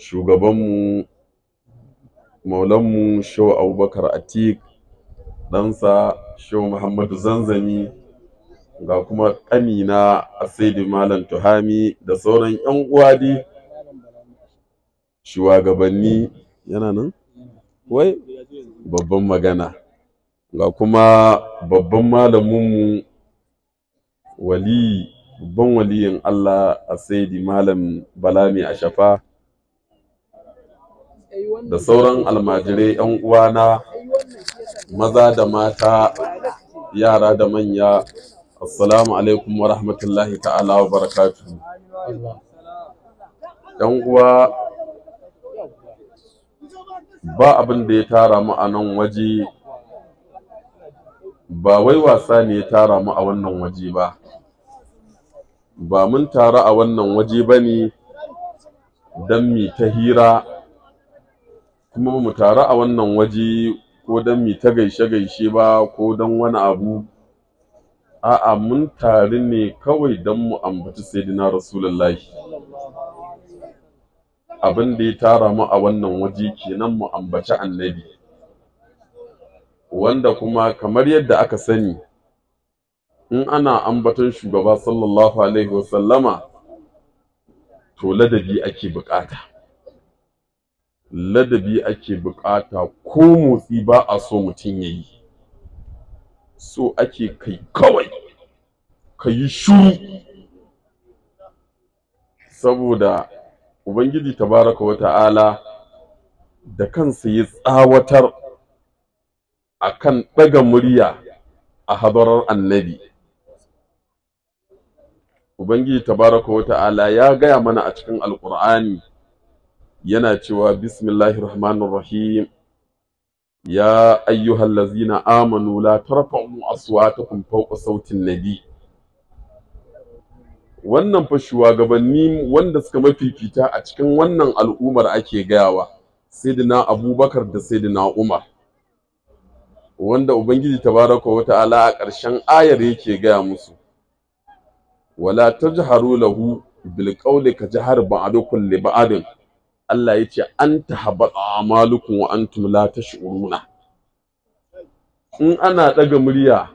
shugabanmu maulanmu shehu abubakar atik ɗansa shehu muhammadu zanzani ga kuma ƙanina asaidu malam tuhami da sauran 'yan uwa dai shugabanni yana nan wai babban magana ga kuma babban malaminmu wali babban waliyin allah asaidu malam balami ashafa da sauran almajirai yan uwana maza da mata yara da manya assalamu alaikum wa rahmatullahi ta'ala wa barakatu yan uwa ba abin da ya tara mu a nan waje ba wai wasa ne ya tara mu a wannan waje ba ba mun taru a wannan waje ba ne don mi ta hira kuma mu taru a wannan waje ko don mi ta gaishe-gaishe ba ko don wani abu a'a mun taru ne kawai don mu ambaci sayyidina rasulullahi abin da ya tara mu a wannan waje kenan mu ambaci annabi wanda kuma kamar yadda aka sani in ana ambaton shugaba sallallahu alaihi wasallama to ladabi ake bukata ladabi ake bukata ko motsi ba a so mutum ya yi so ake kai kawai ka yi shuru saboda ubangiji tabaraka wa ta'ala da kansa ya tsawatar a kan ɗaga murya a hadarar annabi ubangiji tabaraka wa ta'ala ya gaya mana a cikin alƙur'ani yana cewa Bismillahi rahmanir rahim ya ayyuhal ladzina amanu la tarfa'u aswatakum fawqa sautin nabi wannan fa shugabanni wanda suka mafifita a cikin wannan al'ummar ake gayawa sayyidina abubakar da sayyidina umar wanda ubangiji tabaraka wa ta'ala a ƙarshen ayar yake gaya musu wala tajharu lahu bil qawli ka jahar ba'dukum li ba'din Allah ya ce an ta haba amalukun wa tumla ta tash'uruna in ana ɗaga murya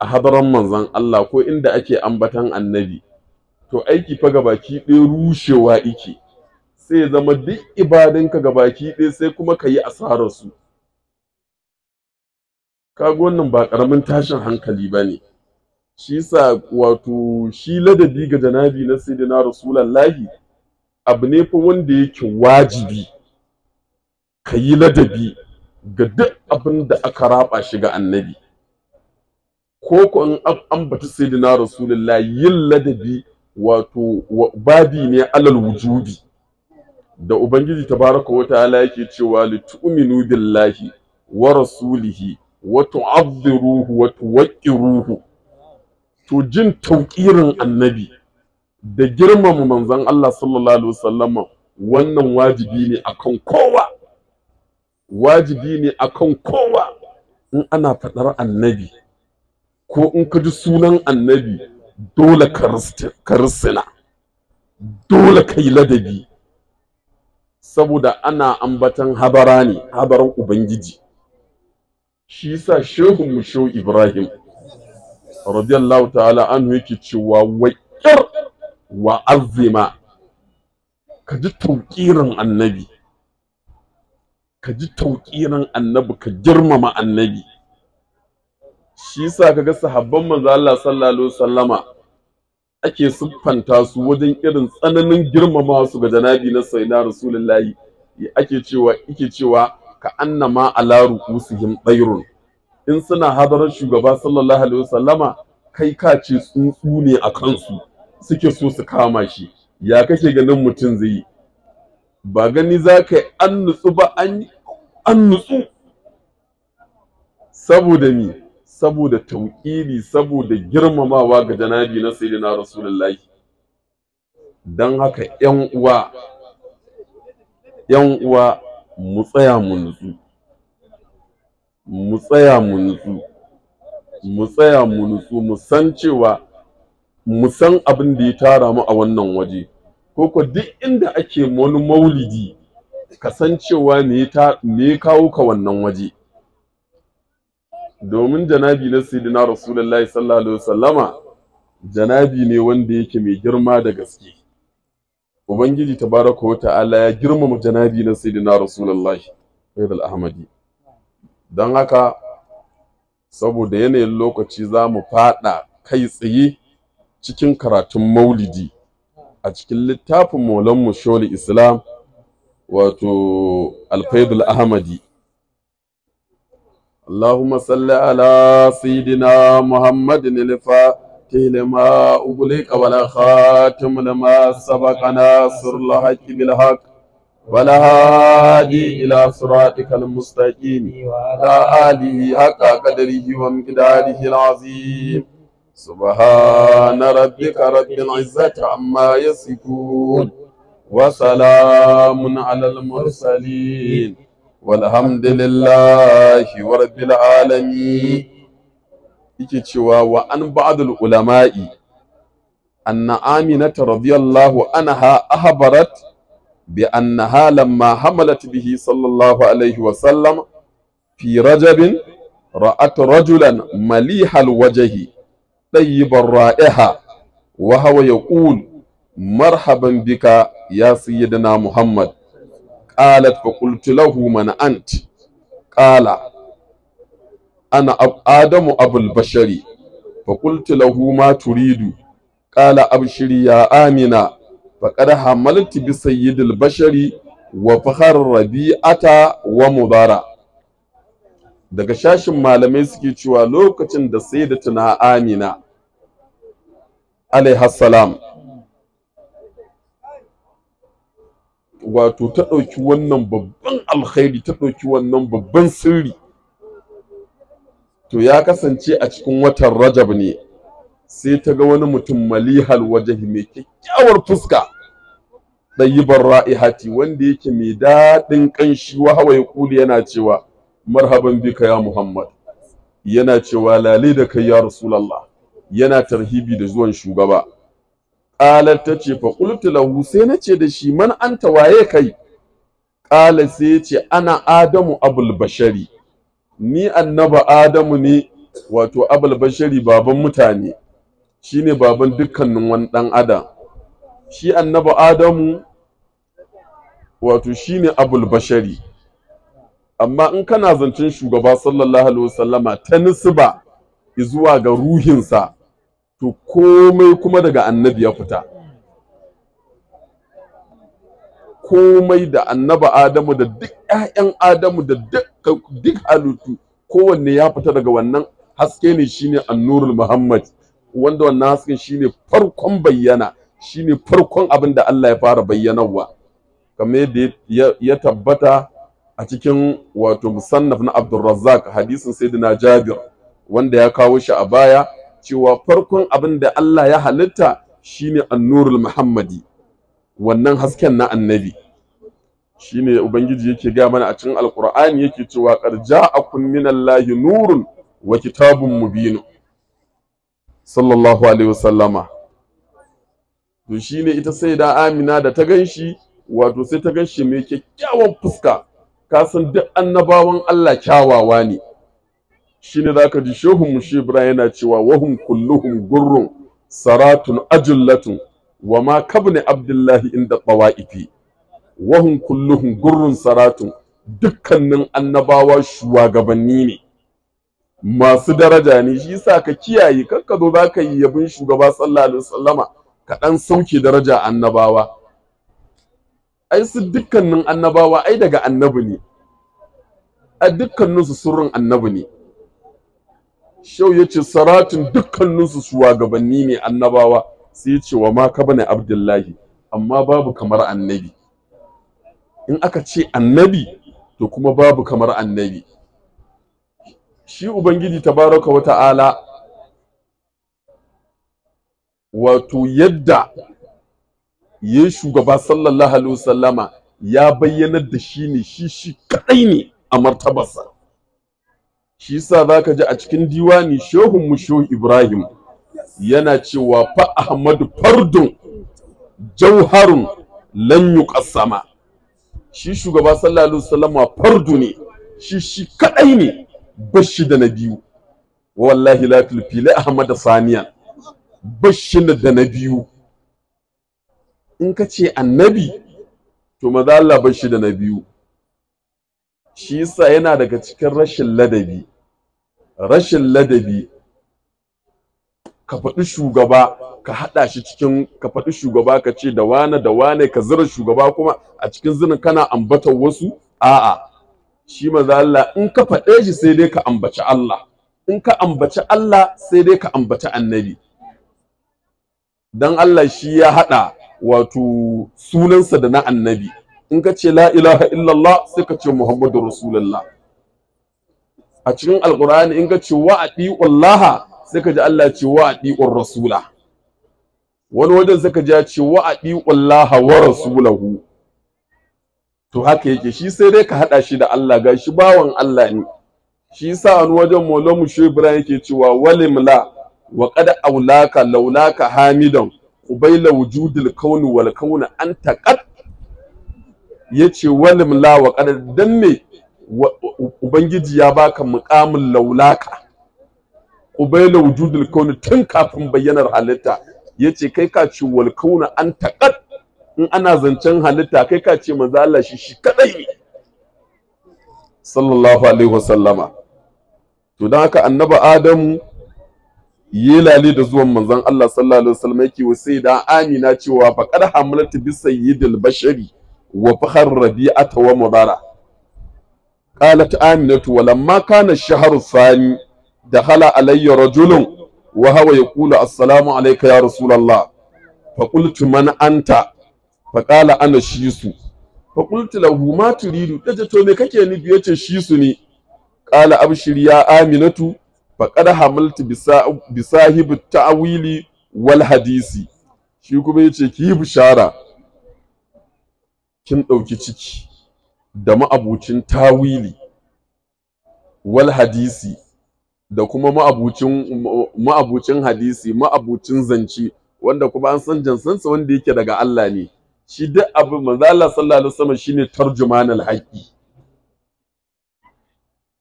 a hadaran manzan Allah ko inda ake ambatan annabi to aiki fa gabaki ɗaya rushewa ike sai ya zama duk ibadinka gabaki ɗaya sai kuma ka yi asarar su kaga wannan ba ƙaramin tashin hankali ba ne shi sa wato shi ladabi ga janabi na sayyidina rasulallahi abu ne fa wanda yake wajibi ka yi ladabi ga duk abin da aka raba shi ga annabi ko ko in ambata sayyidina rasulullah yin ladabi wato babi ne alal wujubi da ubangiji tabaraka wa ta'ala yake cewa tu'minu billahi wa rasulihi wa tu'adhiruhu wa tuwaqqiruhu to jin tauqirin annabi da girmama manzon Allah sallallahu alaihi wasallama wannan wajibi ne akan kowa wajibi ne akan kowa in ana faɗar annabi ko in ka ji sunan annabi dole ka risina dole ka yi ladabi saboda ana ambatan habara ne habaran ubangiji shi yasa shehun mu ibrahim radiyallahu ta'ala anhu yake cewa waƙyar wa azima ka ji tauƙirin annabi ka ji annabi ka girmama annabi shi yasa kaga sahabban manzo Allah sallallahu alaihi wasallama ake siffanta su wajen irin tsananin girmama su ga janabi na sayyidina rasulullahi ake cewa ike cewa ka annama ala ru'usihim dairun in suna hadarar shugaba sallallahu alaihi wasallama kai ka ce tsuntsu ne a kansu suke so su kama shi ya kake ganin mutum zai yi ba gani za ka yi an nutsu ba an nutsu saboda ni, saboda tauƙili saboda girmamawa ga janabi na sayyidina rasulullahi don haka yan uwa yan uwa mu tsaya mu nutsu mu tsaya mu nutsu mu tsaya mu nutsu mu san cewa mu san abin da ya tara mu a wannan waje ko ko duk inda ake wani maulidi kasancewa ne ta ne kawo ka wannan waje domin janabi na sayyidina rasulullahi sallallahu alaihi wasallama janabi ne wanda yake mai girma da gaske ubangiji tabaraka wa ta'ala ya girmama janabi na sayyidina rasulullahi sayyidul ahmadi don haka saboda yanayin lokaci za mu faɗa kai tsaye cikin karatun maulidi a cikin littafin molon masholi islam wato alfaidul ahamadi Allahu matsalli ala sidina muhammadu nilfa ke ne ma ugule kawala ha ta muna ma sabaka na surla haƙi mil ila sura ikan mustaƙi ni ta haƙa ƙadari yiwa mu gida alihi na azi سبحان ربك رب العزة عما يصفون وسلام على المرسلين والحمد لله رب العالمين yake cewa wa an ba'dul ulama'i anna aminata radiyallahu anha ahbarat bi annaha lamma hamalat bihi sallallahu alaihi wa sallam fi rajabin ra'at rajulan malihal wajhi ɗayyibar ra’iha wa hawa ya ƙul marhaban bika ya sayyidina Muhammad ƙalat fa ƙultu lahu mana ant ƙala ana Adamu abul bashari fa ma turidu ƙala abshiri ya amina fa ƙada hamalti bi sayyidil bashari wa fahar rabi'ata wa Muzara. daga shashin malamai suke cewa lokacin da sai da tuna amina alaihassalam wato ta ɗauki wannan babban alkhairi ta ɗauki wannan babban sirri to ya kasance a cikin watan rajab ne sai ta ga wani mutum malihal waje mai kyakkyawar fuska ɗayyibar ra'ihati wanda yake mai daɗin ƙanshi wa hawa ya kuli yana cewa marhaban bika ya Muhammad yana cewa lalai da kai ya Rasulullah yana tarhibi da zuwan shugaba qalat tace fa qultu lahu sai nace da shi man anta waye kai qala sai yace ana adamu abul bashari ni annaba adamu ne wato abul bashari baban mutane shine baban dukkanin wani dan adam shi annaba adamu wato shine abul bashari amma in kana zancen shugaba sallallahu alaihi wasallama ta nisba zuwa ga ruhinsa to komai kuma daga annabi ya fita komai da annaba adamu da duk 'ya'yan adamu da duk halittu kowanne ya fita daga wannan haske ne shine annurul muhammad wanda wannan hasken shine farkon bayyana shine farkon abin da Allah ya fara bayyanawa kamar yadda ya tabbata a cikin wato musannaf na abdurrazzaq hadisin Sayyidina Jabir wanda ya kawo shi a baya cewa farkon abin da Allah ya halitta shine annurul muhammadi wannan hasken na annabi shine ubangiji yake ga mana a cikin alqur'ani yake cewa qarja ja'akum minallahi nurun wa kitabun mubin sallallahu alaihi wasallama to shine ita sai Amina da ta ganshi wato sai ta ganshi mai kyakkyawan fuska kasan duk annabawan Allah kyawawa ne za zaka ji shehun mu Ibrahim yana cewa wahum kulluhum gurrun saratun ajullatun wa ma kabni abdullahi inda tawaifi wahun kulluhum gurrun saratun dukkanin annabawa shugabanni ne masu daraja ne shi yasa ka kiyaye kakka zo zaka yi yabin shugaba sallallahu alaihi wasallama ka dan sauke daraja annabawa ai su dukkanin annabawa ai daga annabi ne a dukkaninsu surrun annabi ne shau ya ce saratun dukkaninsu shugabanni ne annabawa sai ya wa ma ka bane abdullahi amma babu kamar annabi in aka ce annabi to kuma babu kamar annabi shi ubangiji tabaraka wata ala wato yadda ya shugaba sallallahu alaihi wasallama ya bayyanar da shi ne shi shi kadai ne a martabarsa shi za zaka ji a cikin diwani shehun mu shehu Ibrahim yana cewa fa Ahmadu fardun jauharun lan yuqassama shi shugaba sallallahu alaihi wasallama fardu ne shi shi kadai ne bashi da na biyu wallahi la tulfi la Ahmad saniya bashi da na biyu in ka ce annabi to maza Allah bar shi da na biyu shi yasa yana daga cikin rashin ladabi rashin ladabi ka faɗi shugaba ka haɗa shi cikin ka faɗi shugaba ka ce da wane da wane ka zira shugaba kuma a cikin zinin kana ambatar wasu a'a shi maza Allah in ka faɗe shi sai dai ka ambaci Allah in ka ambaci Allah sai dai ka ambaci annabi dan Allah shi ya haɗa wato sunansa da na annabi in ka ce la ilaha illallah sai ka ce muhammadu rasulullah a cikin alkur'ani in ka ce wa Allah sai ka ji Allah ce wa adiqur rasula wani wajen sai ka ji ce wa Allah wa rasulahu to haka yake shi sai dai ka haɗa shi da Allah gashi shi bawan Allah ne shi sa wani wajen Maulana mu shebra yake cewa walimla wa qad aulaka laulaka hamidan Kubaila wujudil kauni wal kauna anta qad yace walim la wa qad dan me ubangiji ya baka muqamul laulaka Kubaila wujudil kauni tun kafin bayyanar halitta yace kai ka ce wal kauna anta qad in ana zancen halitta kai ka ce manzo Allah shi shi kadai ne sallallahu alaihi wasallama to don haka annaba adamu Ya ya da zuwan manzon Allah Sallale wa Salamai ke wasu sai Amina cewa faƙar Hamal na Tafisar ya yi dalban wa fahar Rabi'a ta Wama Bara. Kala ta Aminatu wala maka na Sani da hala alayyar rajulun, wa hawa ya kula assalamu alaika ya rasulallah. Faƙultuma na an ta, faƙala ana shi su. Faƙultuna huma turinu, daja me kake ni yace shisu su ne. Kala amshiri ya Aminatu. Faƙar hamiltu bisa sahibi ta'wili wal hadisi shi kuma yace ki yi bishara kin ɗauki ciki da ma'abucin tawili wal hadisi da kuma ma'abucin hadisi ma'abucin zance wanda kuma an san jansansa wanda yake daga Allah ne shi duk abu manzo Allah sallallahu alaihi wasallam shine tarjumanul haqqi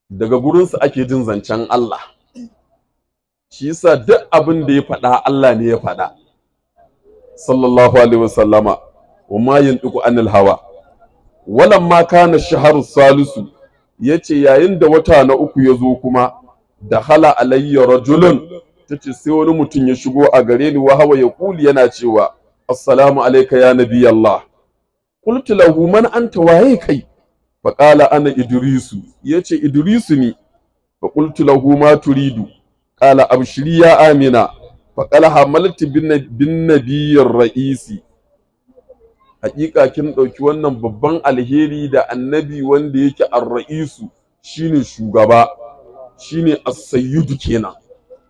daga gurinsa ake jin zancen Allah shi yasa duk abin da ya faɗa Allah ne ya faɗa sallallahu alaihi wasallama wa ma yanduku anil hawa ma kana shaharu salisu yace yayin da wata na uku ya zo kuma da hala alayya rajulun tace sai wani mutum ya shigo a gare ni wa hawa ya kuli yana cewa assalamu alayka ya nabi Allah qultu lahu man anta waye kai fa qala ana idrisu yace idrisu ne fa qultu lahu ma turidu Ƙala Abushiri ya amina fa qala hamaltu bin nabiyyir ra'isi hakika kin dauki wannan babban alheri da annabi wanda yake ar-ra'isu shine shugaba shine as-sayyid kenan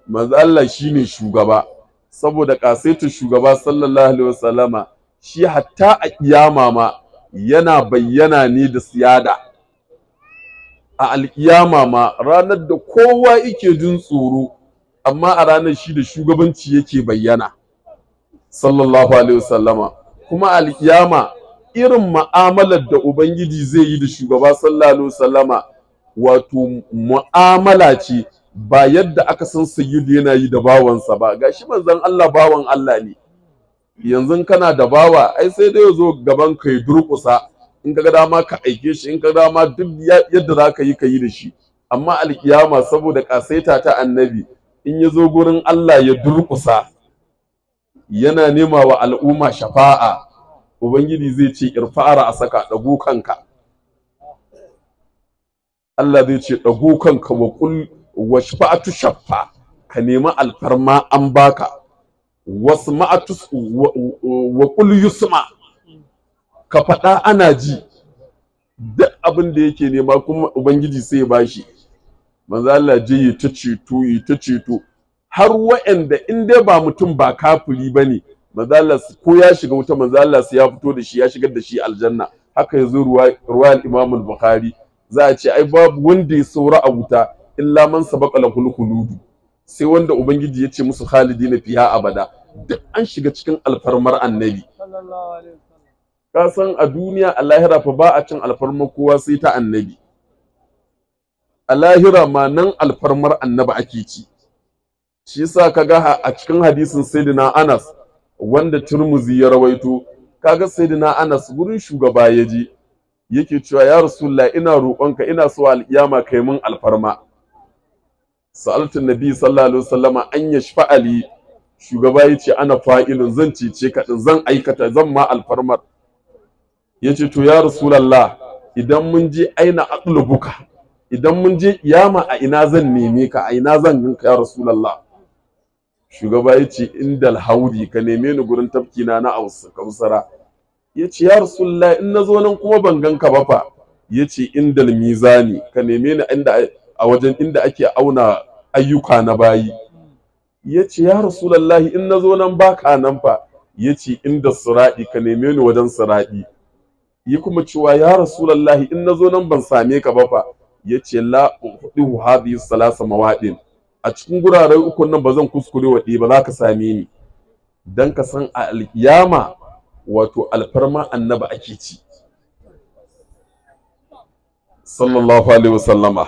manzo Allah shine shugaba saboda kasaitin shugaba sallallahu alaihi wasallama shi hatta a kiyama ma yana bayyana ne da siyada a alkiyama ma ranar da kowa yake jin tsoro amma a ranar shi da shugabanci yake bayyana sallallahu alaihi wasallama kuma alkiyama irin mu'amalar da ubangiji zai yi da shugaba sallallahu alaihi wasallama wato mu'amala ce ba yadda aka san sayyidu yana yi da bawansa ba gashi manzon Allah bawan Allah ne yanzu kana da bawa ai sai dai yazo zo gaban kai durƙusa in ka ga dama ka aike shi in ka ga dama duk yadda za ka yi ka yi da shi amma alkiyama saboda kasaita ta annabi in ya zo gurin Allah ya durkusa yana nema wa al'umma shafa'a ubangiji zai ce irfa'ara a saka ɗago kanka Allah zai ce ɗago kanka wa kul wa shafa'atu shaffa ka nema alfarma an baka wasu wa kul yusma ka faɗa ana ji duk abin da yake nema kuma ubangiji sai ya bashi manzo Allah je yi ta ceto yi ta ceto har wa'anda in dai ba mutum ba kafiri bane manzo Allah ko ya shiga wuta manzo Allah sai ya fito da shi ya shigar da shi aljanna haka yazo ruwayar Imam al-Bukhari za a ce ai babu wanda ya saura a wuta illa man sabaqa lahul khuludu sai wanda ubangiji ya ce musu khalidina fiha abada duk an shiga cikin alfarmar annabi ka san a duniya a lahira fa ba a cin alfarmar kowa sai ta annabi Alahira lahira ma nan alfarmar annabi ake ci shi yasa kaga a cikin hadisin sayyidina Anas wanda Tirmidhi ya rawaito kaga sayyidina Anas gurin shugaba ya je yake cewa ya rasulullah ina roƙonka ina so alƙiyama kai mun alfarma sa'altu nabi sallallahu alaihi wasallama an yashfa ali shugaba yace ana fa'ilun zan cece ka din zan aikata zan ma alfarmar Ya ce to ya rasulallah idan mun je aina atlubuka idan mun je yama a ina zan neme ka a ina zan ka ya rasulallah shugaba ya ce indal alhauri, ka neme ni gurin tafkina na ausa kausara ce ya rasulallah in na zo nan kuma ban ka ba fa Ya ce indal mizani ka neme ni inda a wajen inda ake auna ayyuka na bayi Ya ce ya rasulallah in na zo nan baka nan fa Ya ce inda suraɗi, ka neme ni wajen suraɗi. yi kuma cewa ya rasulallahi in na zo nan ban same ka ba fa ya ce la uhudihu hadhihi salasa mawadin a cikin gurare uku nan ba zan kuskure wa ba za ka same ni dan ka san a alkiyama wato alfarma annaba ake ci sallallahu alaihi wasallama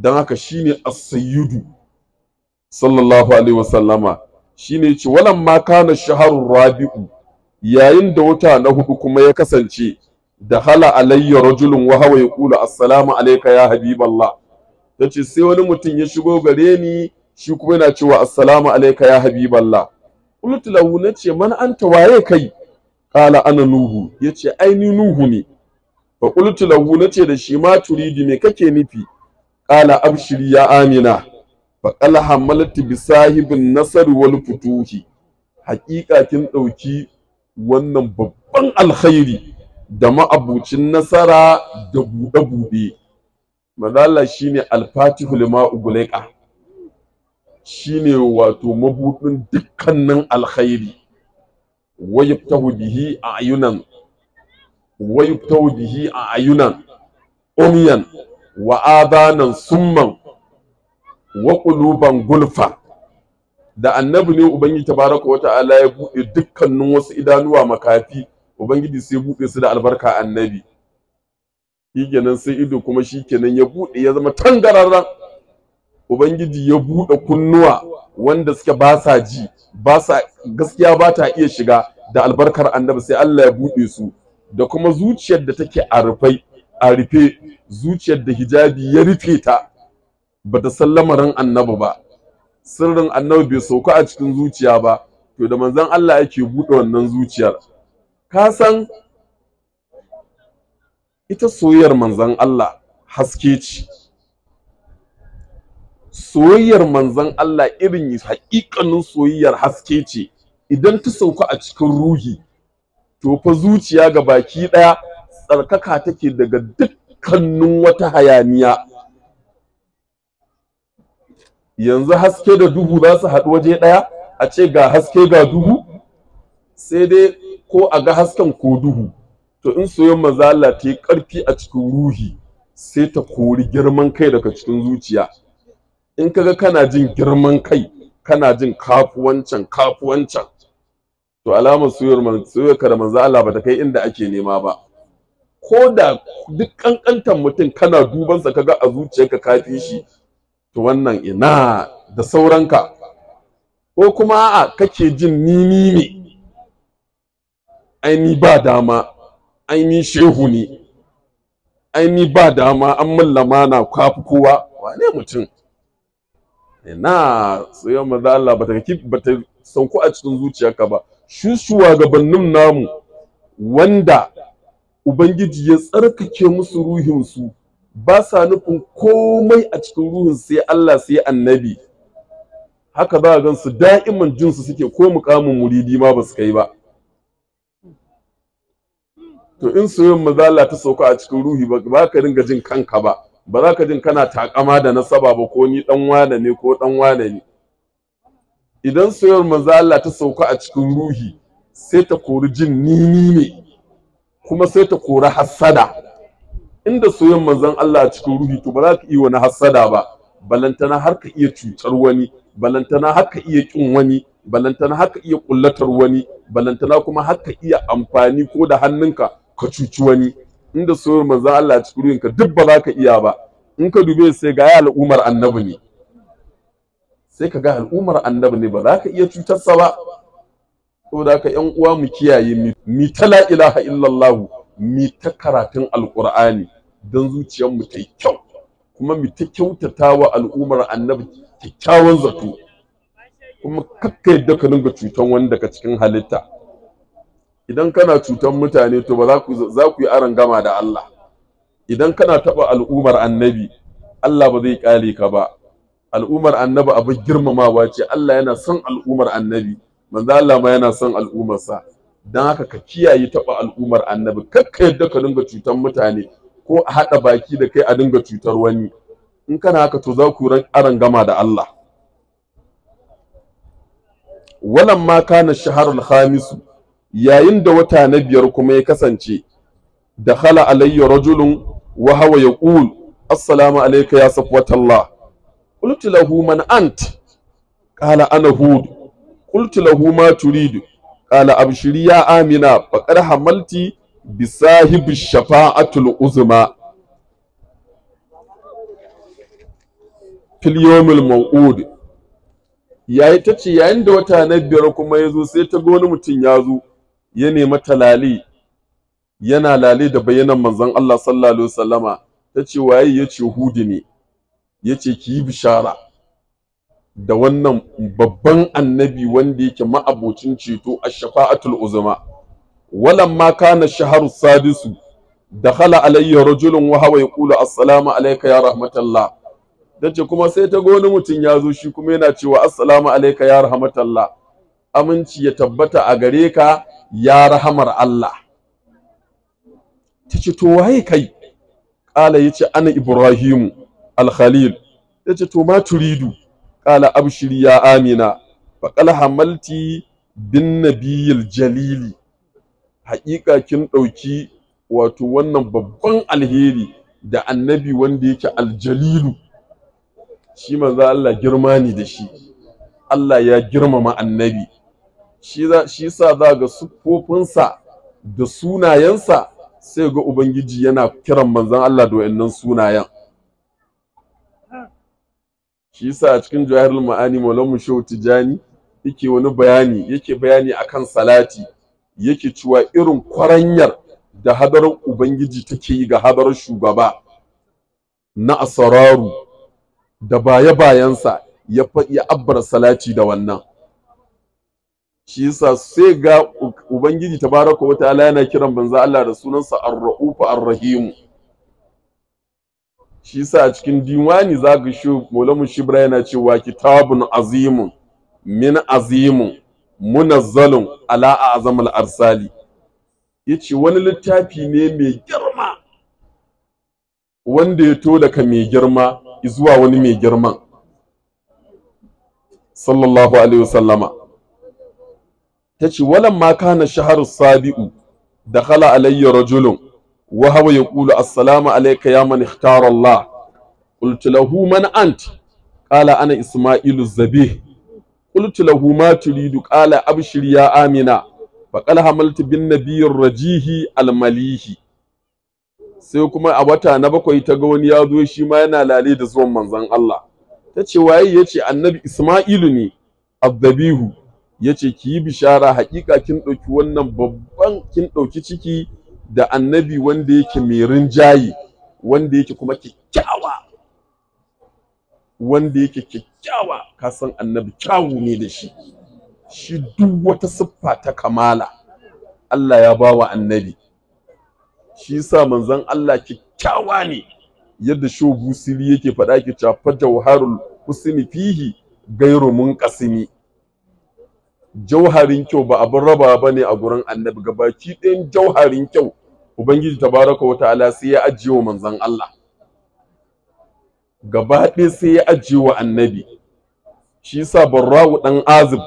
dan haka shine as-sayyidu sallallahu alaihi wasallama shine ce walamma kana shaharul rabi'u yayin da wata na hudu kuma ya kasance da hala alayya rajulun wa hawa ya kula, assalamu alayka ya habiballah tace sai wani mutum ya shigo gare ni shi kuma yana cewa assalamu alayka ya habiballah qultu lahu nace man anta waye kai qala ana nuhu yace ai ni nuhu ne fa qultu lahu nace da shi ma turidi me kake nufi qala abshiri ya amina fa qala hamalatu bi sahibin nasr wal futuhi haƙiƙa kin ɗauki wannan babban alkhairi da ma'abucin nasara da buɗe-buɗe mazala shine alfatihu lima shi shine wato mabuɗin dukkanin alkhairi wayubtahu bihi a ayunan bihi a ayunan umyan wa adanan summan wa quluban gulfa da annabi ne ubangiji Baraka wa ta'ala ya buɗe dukkanin wasu idanuwa makafi ubangiji sai bude su da albarka annabi shikenan sai ido kuma shikenan ya bude ya zama tangararran ubangiji ya bude kunnuwa wanda suke ba sa ji ba sa gaskiya ba ta iya shiga da albarkar annabi sai Allah ya buɗe su da kuma zuciyar da take a rufe a rufe zuciyar da hijabi ya rufe ta bata sallama ran annabi ba sirrin annabi bai sauka a cikin zuciya ba to da manzon Allah yake buɗe wannan zuciyar ka san ita soyayyar manzon Allah haske ce soyayyar manzon Allah irin haƙiƙanin soyayyar haske ce idan ta sauka a cikin ruhi to fa zuciya ga baki ɗaya tsarkaka take daga dukkanin wata hayaniya yanzu haske da duhu za su haɗu waje ɗaya a ce ga haske ga duhu sai dai ko a ga hasken ko duhu to in soyon maza Allah ta yi ƙarfi a cikin ruhi sai ta kori girman kai daga cikin zuciya in kaga kana jin girman kai kana jin kafuwancan kafuwancan to alamar soyar da manzo Allah ba ta kai inda ake nema ba ko da duk kankantan mutum kana dubansa sa kaga a zuciyarka ka fi shi to wannan ina da sauranka ko kuma a kake jin nini ne ai ni ba dama ai ni shehu ne ai ni ba dama an mallama na kwafi kowa wane mutum ina tsoyon maza Allah ba ta sanku a cikin zuciyarka ba shi shugabannin namu wanda ubangiji ya tsarkake musu ruhinsu ba sa nufin komai a cikin ruhun sai Allah sai annabi haka za a gan su da'iman jinsu suke ko mukamin muridi ma ba su kai ba to in yin mazala ta sauka a cikin ruhi ba ba ka ringa jin kanka ba ba za ka jin kana takama da nasaba ba ko ni dan wane ne ko dan wane ne idan soyar mazala ta sauka a cikin ruhi sai ta kori jin nini ne kuma sai ta kori hassada inda soyayyen manzon Allah cikin ruhi to ba za ka iya wani hassada ba balantana har ka iya cutar wani balantana har ka iya kin wani balantana har ka iya kullatar wani balantana kuma har ka iya amfani ko da hannunka ka cuci wani inda soyayyen manzon Allah cikin ruhinka duk ba za ka iya ba in ka dube sai ga ya al'umar annabi ne sai ka ga al'umar annabi ne ba za ka iya cutarsa ba saboda ka yan uwa mu kiyaye mi ta la ilaha illallah mi ta karatun alqur'ani dan zuciyar mu ta kyau kuma mi ta kyautata wa al'ummar annabi kyakkyawan zato kuma kakkai yadda ka dinga cutan wani daga cikin halitta idan kana cutan mutane to ba za ku yi aron gama da Allah idan kana taba al'ummar annabi Allah ba zai ƙare ka ba al'ummar annabi abin girmamawa ce Allah yana son al'ummar annabi manzo Allah ma yana son al'ummarsa don haka ka kiyaye taɓa al'ummar annabi ka yadda ka dinga cutar mutane ko a haɗa baki da kai a dinga cutar wani in kana haka to za ku aran gama da Allah walan ma kana shaharul khamis yayin da wata na biyar kuma ya kasance da khala alayya rajulun wa hawa yaqul assalamu alayka ya safwatallah qultu lahu man ant qala ana hud qultu lahu ma turidu qala abshiri ya amina baƙar hamalti bi shafa'atul uzma fil yawmil maw'ud yayi ta ce yayin da wata na biyar kuma ya zo sai ta ga wani mutum ya zo ya nemi talali yana lale da bayanan manzon Allah sallallahu alaihi wasallama ta ce waye ya ce hudu ne ya ce bishara da wannan babban annabi wanda yake ma'abocin ceto a shafa'atul Walan ma kana shaharu sadisu da hala alayya rajulun wa hawa yaqulu assalamu alayka ya rahmatallah dace kuma sai ta ga mutum ya zo shi kuma yana cewa assalamu alayka ya rahmatallah aminci ya tabbata a gare ka ya rahamar Allah tace to waye kai kala yace ana ibrahimu Alkhalil. khalil tace to ma turidu qala abshiri ya amina faqal hamalti bin nabiyil jalili haƙiƙa kin ɗauki wato wannan babban alheri da annabi wanda yake aljalilu shi manzo Allah girma ne da shi Allah ya girmama annabi shi shi sa za ga siffofinsa da sunayensa sai ga ubangiji yana kiran manzon Allah da wayannan sunayen shi yasa a cikin jawahirul ma'ani Malam shehu tijani yake wani bayani yake bayani akan salati yake cewa irin kwaranyar da hadarar ubangiji take yi ga hadarar shugaba na asararu da baya-bayansa ya faɗi abbar salati da wannan shi yasa sai ga ubangiji tabaraka wa ta'ala yana kiran banza Allah da sunansa ar-ra'ufu ar-rahimu shi yasa cikin diwani zaka shi maulamu shibra yana cewa kitabun azimun min azimun munazzalun ala azamul arsali yace wani littafi ne mai girma wanda ya to daga mai girma zuwa wani mai girman sallallahu alaihi wasallama tace walamma kana shaharu sabi'u dakhala alayya rajulun وهو يقول السلام عليك يا من اختار الله قلت له من أنت قال أنا إسماعيل الزبيه قلت له ما تريد قال أبشر يا آمنة فقال حملت بالنبي الرجيه المليه sai kuma a wata na bakwai ta ga wani ya zo shi ma yana lale da zuwan manzon Allah ta ce waye ya ce annabi Isma'ilu ne azzabihu ya ce ki yi bishara haƙiƙa kin ɗauki wannan babban kin ɗauki ciki da annabi wanda yake mai rinjaye wanda yake kuma kyakkyawa wanda yake kyakkyawa ka san annabi kyawu ne da shi shi duk wata siffa ta kamala Allah ya ba wa annabi shi yasa manzon Allah kyakkyawa ne yadda shogu yake faɗa ke cafa jawharul husni fihi gairu munqasimi jauharin kyau ba abin raba ba ne a gurin annabi gabaki ɗayan jauharin kyau ubangiji tabaraka wa ta'ala sai ya ajiye wa Allah gaba ɗaya sai ya ajiye wa annabi shi yasa barrawu ɗan azib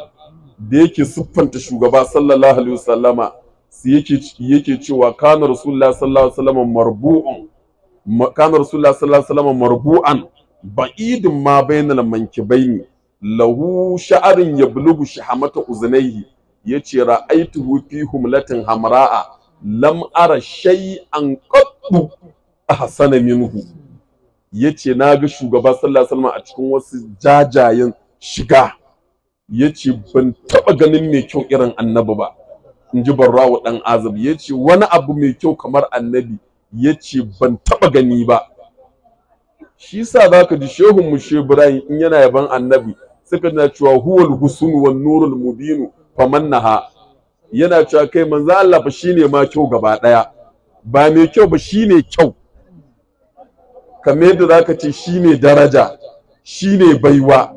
da yake siffanta shugaba sallallahu alaihi wasallama sai yake yake cewa kana rasulullah sallallahu alaihi wasallama marbu'un kana rasulullah sallallahu alaihi wasallama marbu'an ba'idin ma bainal mankibaini lahu sha'arin yablughu shahamata uzunaihi yace ra'aituhu fi humlatin hamra'a lam ara shay'an qattu ahsana minhu yace naga shugaba sallallahu alaihi wasallam a cikin wasu jajayen shiga yace ban taba ganin mai kyau irin annabi ba In ji barrawa dan azab yace wani abu mai kyau kamar annabi yace ban taba gani ba shi sa zaka ji shehun mu Ibrahim in yana yaban annabi suka na cewa huwal husnu wan nurul mubin famannaha yana cewa kai manzo Allah fa shine ma kyau gaba daya ba mai kyau ba shine kyau kamar yadda zaka ce shine daraja shine baiwa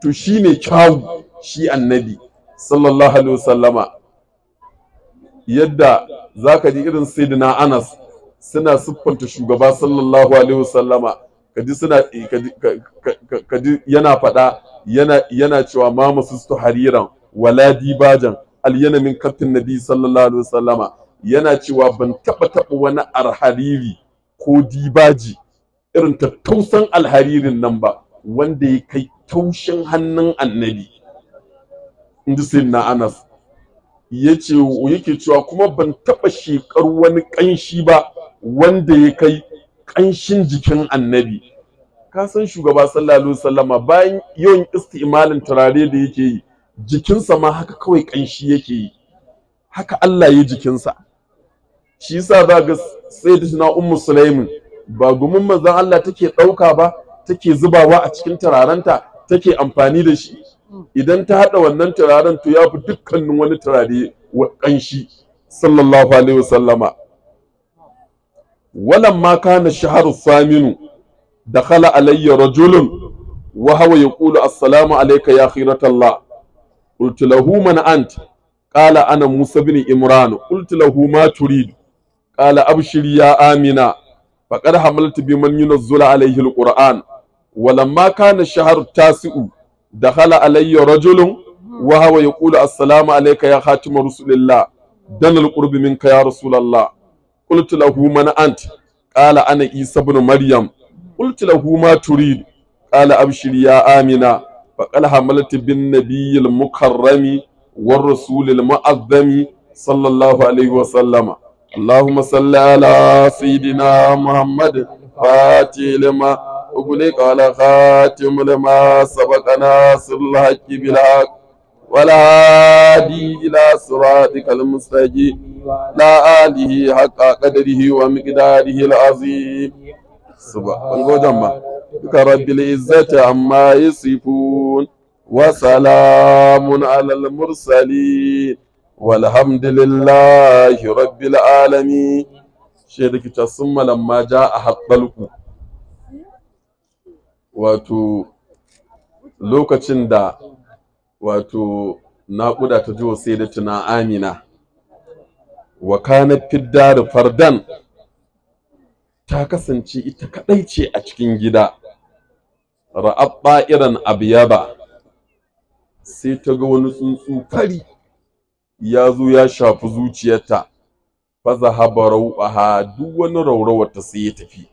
to shine kyau shi annabi sallallahu alaihi wasallama yadda zaka ji irin sayyidina Anas suna siffanta shugaba sallallahu alaihi wasallama kaji suna eh, kaji yana faɗa yana yana cewa ma su hariran wala dibajan alyana min kattin nabi sallallahu alaihi wasallama yana cewa ban taba taba wani arhariri ko dibaji irin ta tattausan alharirin nan ba wanda ya kai taushin hannun annabi sai na anas yace yake cewa kuma ban taba shekar wani kanshi ba wanda ya kai Kanshin jikin annabi ka san shugaba sallallahu alaihi wasallama bayan yawan isti'malin turare da yake yi jikinsa ma haka kawai kanshi yake yi haka Allah ya jikinsa shi yasa za ga sayyidina ummu sulaimin ba gumin manzon Allah take ɗauka ba take zubawa a cikin turarenta take amfani da shi idan ta haɗa wannan turaren to ya fi dukkanin wani turare wa ƙanshi sallallahu alaihi wasallama walan ma kana shaharu saminu dakhala alayya rajulun wa huwa yaqulu assalamu alayka ya khiratallah qultu lahu man ant qala ana musa bin imran qultu lahu ma turid qala abshiri ya amina faqad hamaltu biman yunazzalu alayhi alquran walamma kana shaharu tasi'u dakhala alayya rajulun wa huwa yaqulu assalamu alayka ya khatima rasulillah dan alqurbi minka ya rasulallah qultu lahu man ant qala ana isa maryam qultu lahu ma turid qala abshir ya amina faqal hamaltu bin nabiyil mukarrami war rasulil mu'azzami sallallahu alaihi wa sallama اللهم صل على سيدنا محمد فاتح لما أغلق على خاتم لما سبق ناصر الحق بالحق ولا هادي إلى صراطك المستقيم لا آله حق قدره ومقداره العظيم سبحان قدما رب العزة عما يصفون وسلام على المرسلين والحمد لله رب العالمين شيرك تصم لما جاء حق الكو واتو لوكتشن دا wato naƙuda ta jiwo sai da tuna amina wa kana fiddar fardan ta kasance ita kaɗai ce a cikin gida ra'abba irin abiyaba sai ta ga wani tsuntsu fari ya zo ya shafi zuciyarta fa zahaba rau'aha duk wani raurawa ta sai ya tafi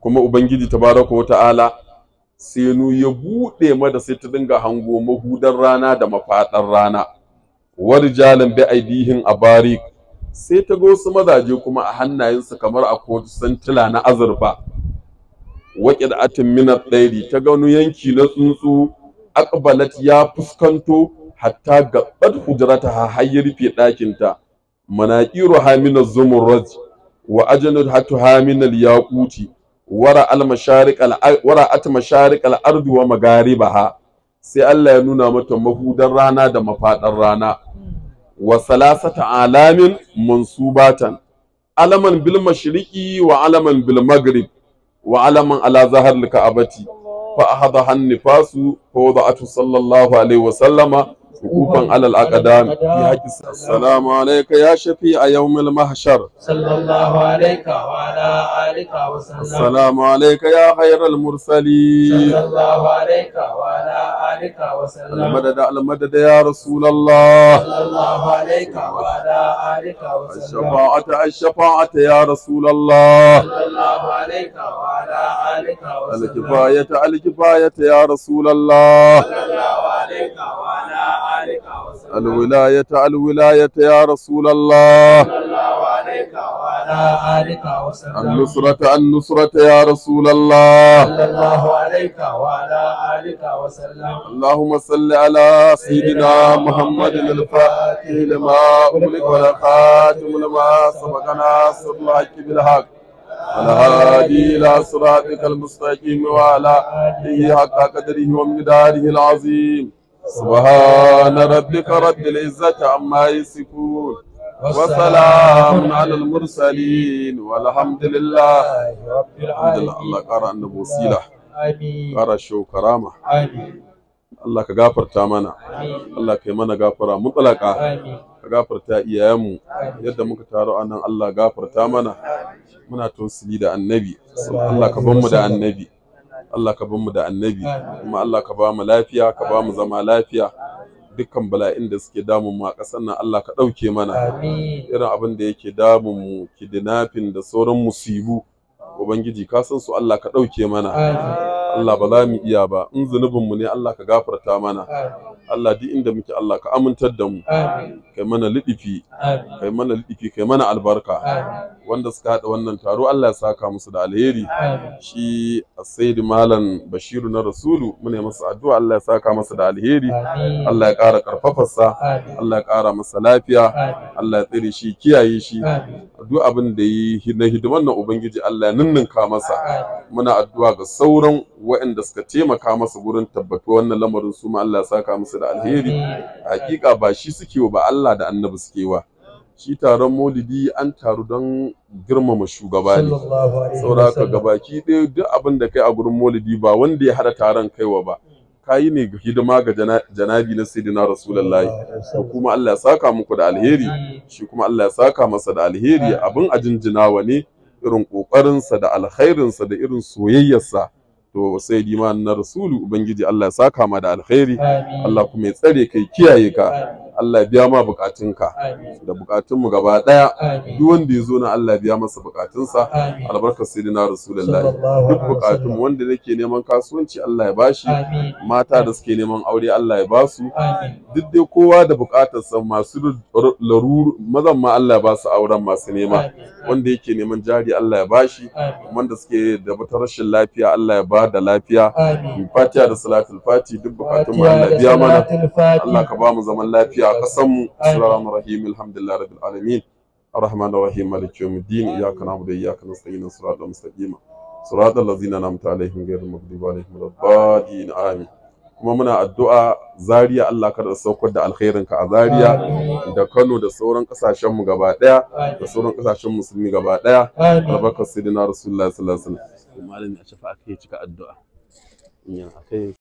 kuma ubangiji tabaraka wa ta'ala senu ya buɗe mada sai ta dinga hango mahudar rana da mafaɗar rana Wani warjalan bi aidihin abarik sai ta ga wasu mazaje kuma a hannayensu kamar a kotu santila na azurfa waƙi da atin minar ɗairi ta ga wani yanki na tsuntsu akbalat ya fuskanto hatta ga hujrata ha har ya rufe ɗakinta manaƙiru haminar zumurraj wa ajanar hatu haminar yaƙuti wara al mashariq al ardi wa magaribaha sai Allah ya nuna mata mahudan rana da mafadan rana wa salasata alamin mansubatan alaman bil mashriqi wa alaman bil maghrib wa alaman ala zahar Abati, fa ahadaha an-nifasu fa wada'atu sallallahu alaihi wa sallama hukukan alal aqdam ya ki assalamu ya shafi a yawmil mahshar sallallahu alayka wa ala alika wa sallam assalamu alayka ya khayral mursali sallallahu alayka wa ala alika wa sallam madada ya rasulullah sallallahu alayka wa ala alika wa sallam shafa'ata al shafa'ata ya rasulullah sallallahu alayka wa ala alika wa sallam al kifayata al kifayata ya rasulullah sallallahu alayka وعلى آلك وسلم الولاية الولاية يا رسول الله صلى الله عليك وعلى آلك وسلم النصرة النصرة يا رسول الله صلى الله عليك وعلى آلك وسلم اللهم صل على سيدنا محمد الفاتح لما أغلق والخاتم لما سبق ناصر الحق بالحق الهادي إلى صراطك المستقيم وعلى آله حق قدره ومقداره العظيم سبحان ربك رب العزة عما يصفون وسلام على المرسلين والحمد لله رب العالمين الله قرأ النبو سيلة قرأ شو كرامة Allah ka gafarta mana Allah ka mana gafara mutlaka ka gafarta iyayenmu yadda muka taro anan Allah gafarta mana muna tausili da annabi Allah ka ban mu da annabi Allah ka bar mu da annabi kuma Allah ka bamu lafiya ka bamu zama lafiya dukkan bala'in da suke damun mu a ƙasar nan Allah ka ɗauke mana irin abin da yake damun mu kidnapping da sauran musibu ubangiji ka san su Allah ka ɗauke mana Allah ba za mu iya ba in zunubin mu ne Allah ka gafarta mana Allah duk inda muke Allah ka amintar da mu kai mana lidifi kai mana lidifi kai mana albarka wanda suka hada wannan taro Allah ya saka musu da alheri shi sayyid malam bashiru na rasulu muna masa addu'a Allah ya saka masa da alheri Allah ya ƙara karfafarsa Allah ya ƙara masa lafiya Allah ya tsare shi kiyaye shi duk abin da yi na hidiman nan ubangiji Allah ya ninninka masa muna addu'a ga sauran waɗanda suka taimaka masa gurin tabbatuwa wannan lamarin su ma Allah ya saka musu da alheri hakika ba shi suke wa ba Allah da annabi suke wa shi taron maulidi an taru don girmama shugaba ne saboda ka gabaki ɗaya duk abin da kai a gurin maulidi ba wanda ya hada taron kaiwa ba kayi ne hidima ga janabi na sayyidina rasulullahi da kuma Allah ya saka muku da alheri shi kuma Allah ya saka masa da alheri abin ajinjinawa ne irin kokarinsa da alkhairinsa da irin soyayyarsa to sai ma na rasulu ubangiji Allah ya saka ma da alkhairi Allah kuma ya tsare kai kiyaye ka Allah biya ma bukatunka da bukatunmu gaba daya duk wanda ya zo na Allah biya masa bukatunsa albarka sayyidina rasulullahi duk bukatun wanda nake neman kasuwanci Allah ya bashi mata da suke neman aure Allah ya basu duk dai kowa da sa masu laruru mazan ma Allah ya basu auren masu nema wanda yake neman jari Allah ya bashi wanda suke da wata rashin lafiya Allah ya ba da lafiya fatiha da salatul fati duk bukatun mu Allah biya mana Allah ka ba mu zaman lafiya Ka san mu bismillahir rahim alhamdulillahi rabbil alamin arrahmanir rahim maliki yawmiddin iyyaka na'budu wa iyyaka nasta'in siratal mustaqim siratal ladzina an'amta alaihim ghayril maghdubi alaihim waladdallin amin kuma muna addu'a Zaria Allah ka da saukar da alkhairinka a Zaria da Kano da sauran kasashen mu gaba daya da sauran kasashen musulmi gaba daya albarkar sayyidina rasulullahi sallallahu alaihi wasallam malami a shafa ake cika addu'a in akai